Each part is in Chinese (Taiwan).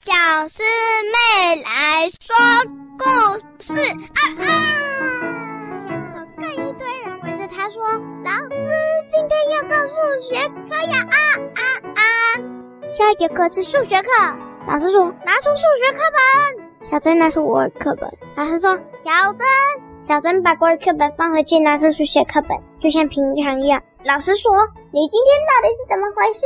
小獅妹來說故事，啊啊！像有更一堆人圍着他說：“老師，今天要上數學課呀！”啊啊啊！下一節課是數學課，老師說：“拿出數學課本。”小珍拿出我的課本，老師說：“小珍。”小珍把國語課本放回去，拿出數學課本，就像平常一樣。老師說：“你今天到底是怎麼回事？”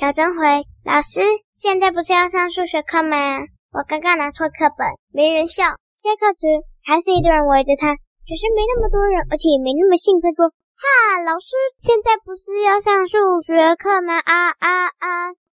小珍回：“老師。”現在不是要上數學課嗎？我剛剛拿錯課本，沒人笑。下課時還是一堆人圍着他，只是沒那麼多人，而且也沒那麼興奮說：“哈，老師，現在不是要上數學課嗎？”啊啊啊！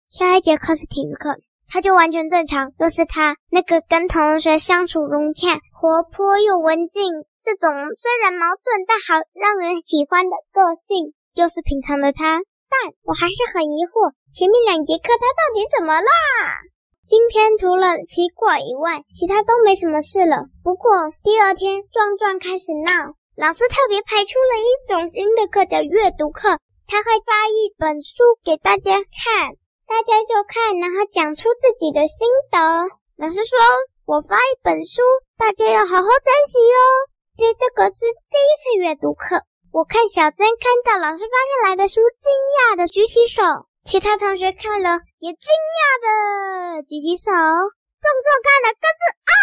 下一節課是體育課，他就完全正常，都、就是他那個跟同學相處融洽、活潑又文靜這種雖然矛盾但好讓人喜歡的個性，又、就是平常的他。但我還是很疑惑，前面兩節課他到底怎麼啦？今天除了奇怪以外，其他都沒什麼事了。不過第二天，壯壯開始鬧。老師特別排出了一種新的課，叫閱讀課。他會發一本書給大家看，大家就看，然後講出自己的心得。老師說：“我發一本書，大家要好好珍惜喲。”這這個是第一次閱讀課。我看小珍看到老師發下來的書，驚訝的舉起手；其他同學看了也驚訝的舉起手。壯壯看了更是啊，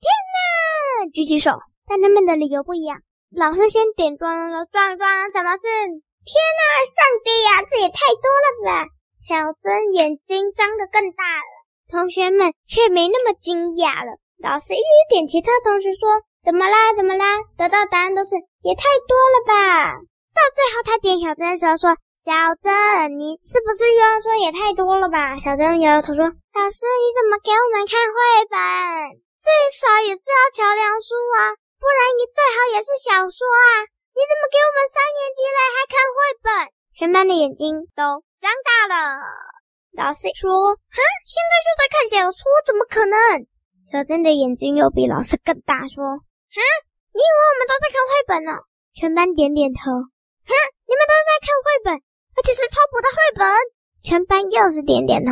天吶，舉起手，但他們的理由不一樣。老師先點壯了，壯壯怎麼是天吶，上帝呀、啊，這也太多了吧！小珍眼睛張得更大了，同學們卻沒那麼驚訝了。老師一，一點其他同學說，說怎麼啦，怎麼啦？得到答案都是。也太多了吧！到最後，他點小鄭的時候說：“小鄭，你是不是又要說也太多了吧？”小鄭搖搖頭說：“老師，你怎麼給我們看繪本？最少也是要橋梁書啊，不然你最好也是小說啊！你怎麼給我們三年級了還看繪本？”全班的眼睛都張大了。老師說：“哼、啊，現在就在看小說，怎麼可能？”小鄭的眼睛又比老師更大，說：“哼、啊！”你以為我們都在看繪本呢？全班點點頭。哼，你們都在看繪本，而且是超薄的繪本。全班又是點點頭。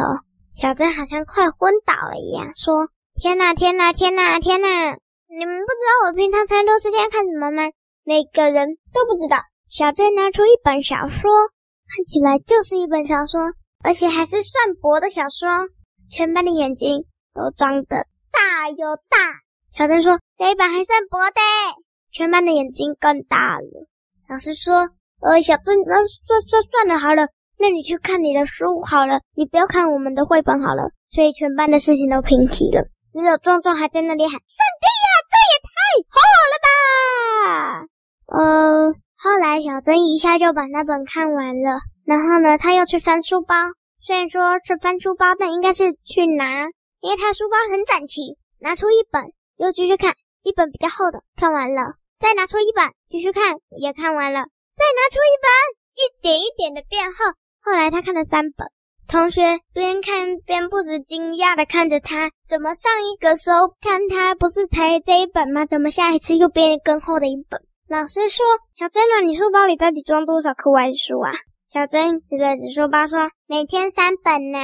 小珍好像快昏倒了一樣，說：“天哪，天哪，天哪，天哪！你們不知道我平常在多時間看什麼嗎？”每個人都不知道。小珍拿出一本小說，看起來就是一本小說，而且還是算薄的小說。全班的眼睛都睜得大又大。小珍說：“這一本還算薄的。”全班的眼睛更大了。老師說：“呃，小珍，那、啊、算算算了，好了，那你去看你的書好了，你不要看我們的繪本好了。”所以全班的事情都平息了，只有壯壯還在那裡喊：“上帝呀，這也太好，好了吧！”呃，後來小珍一下就把那本看完了，然後呢，他又去翻書包，雖然說是翻書包，但應該是去拿，因為他書包很整齊，拿出一本。又繼續看一本比較厚的，看完了，再拿出一本繼續看，也看完了，再拿出一本，一點一點的變厚。後來他看了三本。同學邊看邊不時驚訝地看着他：怎麼上一個時候看他不是才這一本嗎？怎麼下一次又變更厚的一本？老師說：“小珍啊，你書包裡到底裝多少課外書啊？”小珍指着你書包說：“每天三本呢，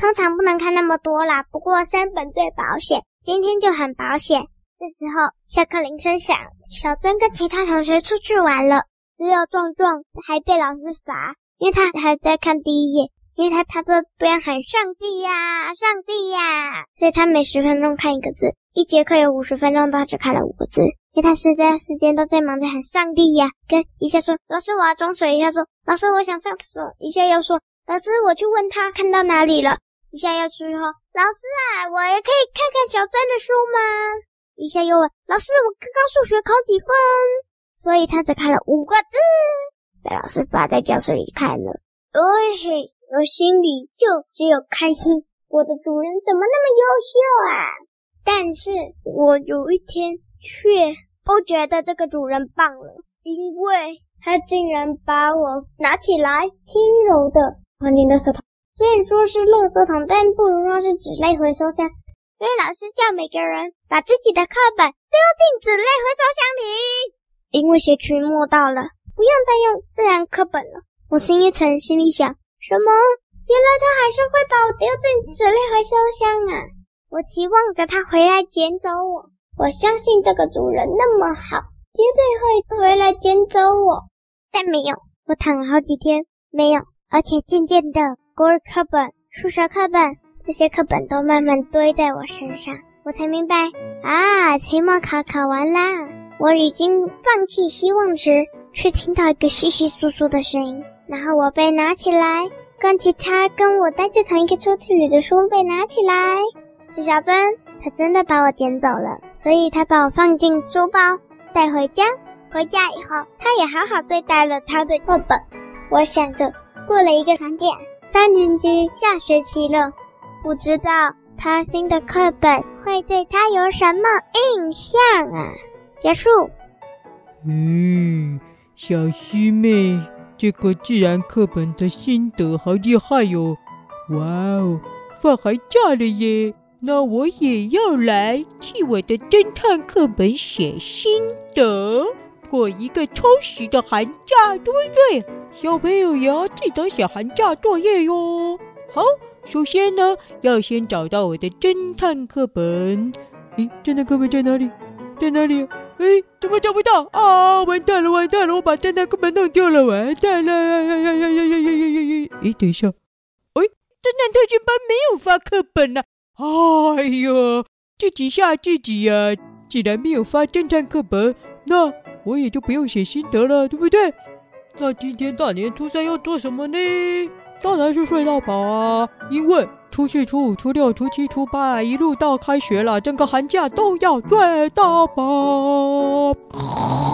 通常不能看那麼多啦，不過三本最保險。”今天就很保險。這時候下課鈴聲響，小珍跟其他同學出去玩了。只有壯壯還被老師罰，因為他還在看第一頁，因為他他這邊喊上帝呀，上帝呀，所以他每十分鐘看一個字。一節課有五十分鐘，他只看了五個字，因為他實在時間都在忙着喊上帝呀。跟一下說老師我要裝水，一下說老師我想上廁所，一下又說老師我去問他看到哪裡了，一下又出去後。老師啊，我也可以看看小篆的書嗎？一下又問老師：“我剛剛數學考幾分？”所以他只看了五個字。被老師罰在教室裡看了。欸嘿，我心裡就只有開心。我的主人怎麼那麼優秀啊？但是我有一天卻不覺得這個主人棒了，因為他竟然把我拿起來輕柔的。往你的手頭雖然說是垃圾桶，但不如說是紙類回收箱。因為老師叫每個人把自己的課本丟進紙類回收箱裡。因為學期末到了，不用再用自然課本了。我心一沉，心裡想：什麼？原來他還是會把我丟進紙類回收箱啊！我期望着他回來撿走我。我相信這個主人那麼好，絕對會回來撿走我。但沒有，我躺了好幾天，沒有，而且漸漸的。國語課本、數學課本，這些課本都慢慢堆在我身上。我才明白啊，期末考考完啦，我已經放棄希望時，卻聽到一個窸窸窣窣的聲音。然後我被拿起來，關其他跟我待在同一個抽屜裡的書被拿起來，是小珍，他真的把我撿走了，所以他把我放進書包帶回家。回家以後，他也好好對待了他的課本。我想着，過了一個長假。三年級下學期了，不知道他新的課本會對他有什麼印象啊？結束。嗯，小獅妹，這個自然課本的心得好厲害喲！哇哦，wow, 放寒假了耶！那我也要來替我的偵探課本寫心得。我一個充實的寒假，對不對？小朋友也要記得寫寒假作業喲。好，首先呢，要先找到我的偵探課本。咦，偵探課本在哪裡？在哪裡？誒，怎麼找不到啊？完蛋了，完蛋了，我把偵探課本弄丟了，完蛋了！呀呀呀呀呀呀呀呀呀！咦、哎哎，等一下，誒、哎，偵探特訓班沒有發課本吶、啊哦。哎喲，自己嚇自己呀、啊！既然沒有發偵探課本，那……我也就不用寫心得了，對不對？那今天大年初三要做什麼呢？當然是睡大寶啊！因為初四、初五、初六、初七、初八，一路到開學了，整個寒假都要睡大寶。